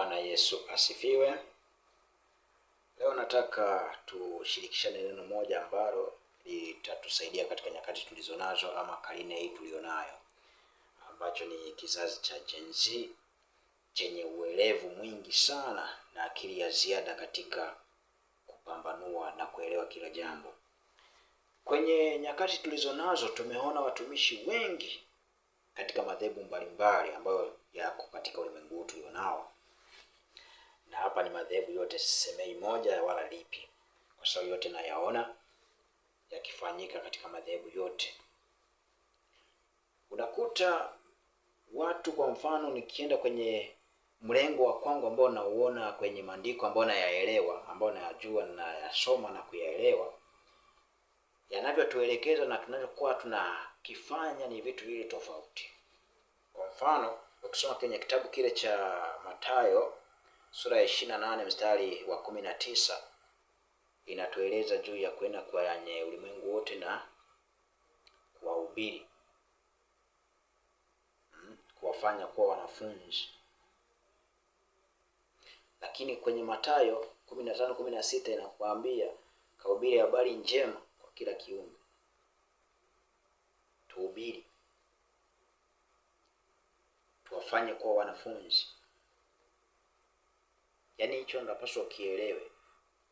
Bwana Yesu asifiwe. Leo nataka tushirikishane neno moja ambalo litatusaidia katika nyakati tulizonazo ama karine hii tuliyonayo, ambacho ni kizazi cha Gen Z chenye uelevu mwingi sana na akili ya ziada katika kupambanua na kuelewa kila jambo. Kwenye nyakati tulizonazo tumeona watumishi wengi katika madhehebu mbalimbali ambayo yako madhehebu yote sisemei moja wala lipi, kwa sababu yote nayaona yakifanyika katika madhehebu yote. Unakuta watu, kwa mfano, nikienda kwenye mlengo wa kwangu ambao nauona kwenye maandiko ambayo nayaelewa, ambayo nayajua, nayasoma na kuyaelewa, yanavyotuelekeza na tunachokuwa tunakifanya ni vitu vile tofauti. Kwa mfano, ukisoma kwenye kitabu kile cha Mathayo sura ya ishirini na nane mstari wa kumi na tisa inatueleza juu ya kwenda kwenye ulimwengu wote na kuwahubiri, hmm? kuwafanya kuwa wanafunzi. Lakini kwenye Mathayo kumi na tano kumi na sita inakuambia kahubiri habari njema kwa kila kiumbe. Tuhubiri, tuwafanye kuwa wanafunzi. Yaani hicho unapaswa kielewe,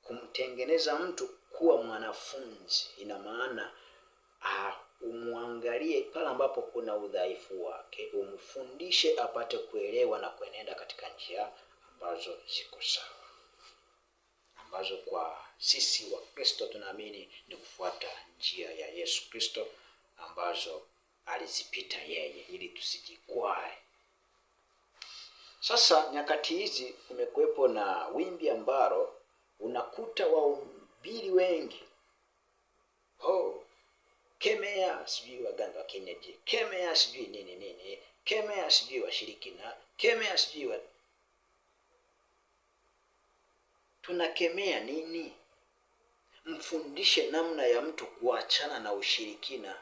kumtengeneza mtu kuwa mwanafunzi ina maana ah, umwangalie pale ambapo kuna udhaifu wake, umfundishe apate kuelewa na kuenenda katika njia ambazo ziko sawa, ambazo kwa sisi wa Kristo tunaamini ni kufuata njia ya Yesu Kristo ambazo alizipita yeye, ili tusijikwae sasa nyakati hizi kumekuwepo na wimbi ambalo unakuta wahubiri wengi ho kemea sijui waganga wa kienyeji, kemea sijui nini nini, kemea sijui washirikina, kemea sijui wa... tunakemea nini? Mfundishe namna ya mtu kuachana na ushirikina,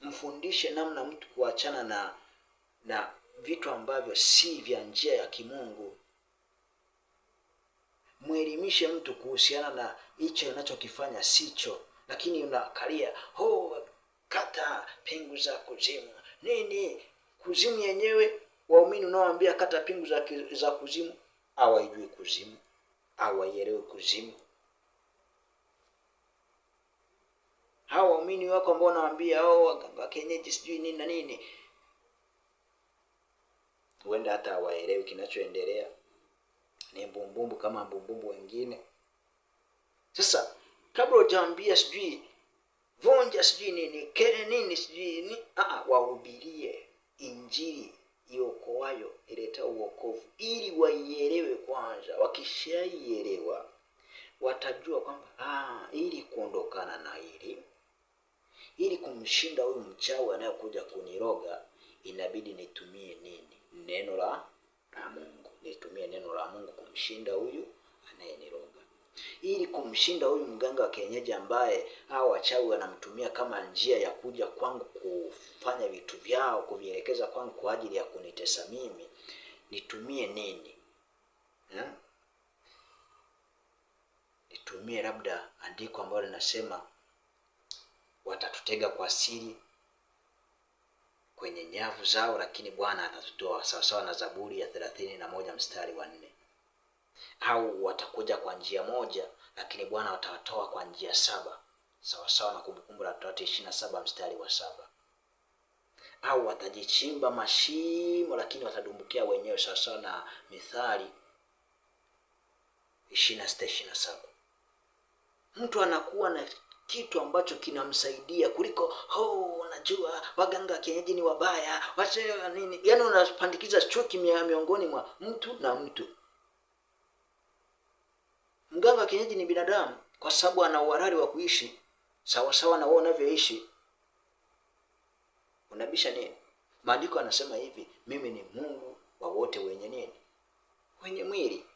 mfundishe namna mtu kuachana na na vitu ambavyo si vya njia ya kimungu. Mwelimishe mtu kuhusiana na hicho unachokifanya sicho, lakini unakalia ho, kata pingu za kuzimu nini. Kuzimu yenyewe, waumini unaoambia kata pingu za, za kuzimu hawaijui kuzimu, hawaielewi kuzimu. Hawa waumini wako ambao unawaambia oh, waganga kienyeji sijui nini na nini huenda hata hawaelewi kinachoendelea, ni mbumbumbu kama mbumbumbu wengine. Sasa kabla hujaambia sijui vunja sijui nini kere nini sijui nini, wahubirie Injili iokoayo ileta uokovu, ili waielewe kwanza. Wakishaielewa watajua kwamba ah, ili kuondokana na hili, ili kumshinda huyu mchawi anayokuja kuniroga, inabidi nitumie nini neno la la Mungu, nilitumia neno la Mungu kumshinda huyu anayeniroga, ili kumshinda huyu mganga wa kienyeji ambaye hao wachawi wanamtumia kama njia ya kuja kwangu kufanya vitu vyao, kuvielekeza kwangu kwa ajili ya kunitesa mimi. Nitumie nini ha? Hmm? Nitumie labda andiko ambalo linasema watatutega kwa siri kwenye nyavu zao, lakini Bwana atatutoa, sawasawa na Zaburi ya thelathini na moja mstari wa nne. Au watakuja kwa njia moja, lakini Bwana watawatoa kwa njia saba, sawasawa na Kumbukumbu la Torati ishirini na saba mstari wa saba. Au watajichimba mashimo, lakini watadumbukia wenyewe, sawasawa na Mithali ishirini na sita ishirini na saba. Mtu anakuwa na kitu ambacho kinamsaidia kuliko oh, unajua waganga wa kienyeji ni wabaya wache nini. Yani unapandikiza chuki miongoni mwa mtu na mtu. Mganga wa kienyeji ni binadamu, kwa sababu ana uharari wa kuishi sawasawa na wao unavyoishi. Unabisha nini? Maandiko anasema hivi, mimi ni Mungu wa wote wenye nini, wenye mwili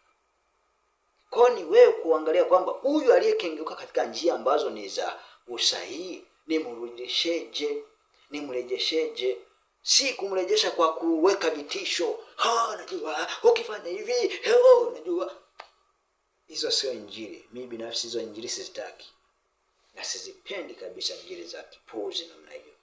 kwa ni wewe kuangalia kwamba huyu aliyekengeuka katika njia ambazo ni za usahihi, nimrejesheje? Nimrejesheje? si kumrejesha kwa kuweka vitisho, ha, najua ukifanya hivi, heo, oh, najua hizo sio Injili. Mimi binafsi hizo Injili sizitaki na sizipendi kabisa, Injili za kipuzi namna hiyo.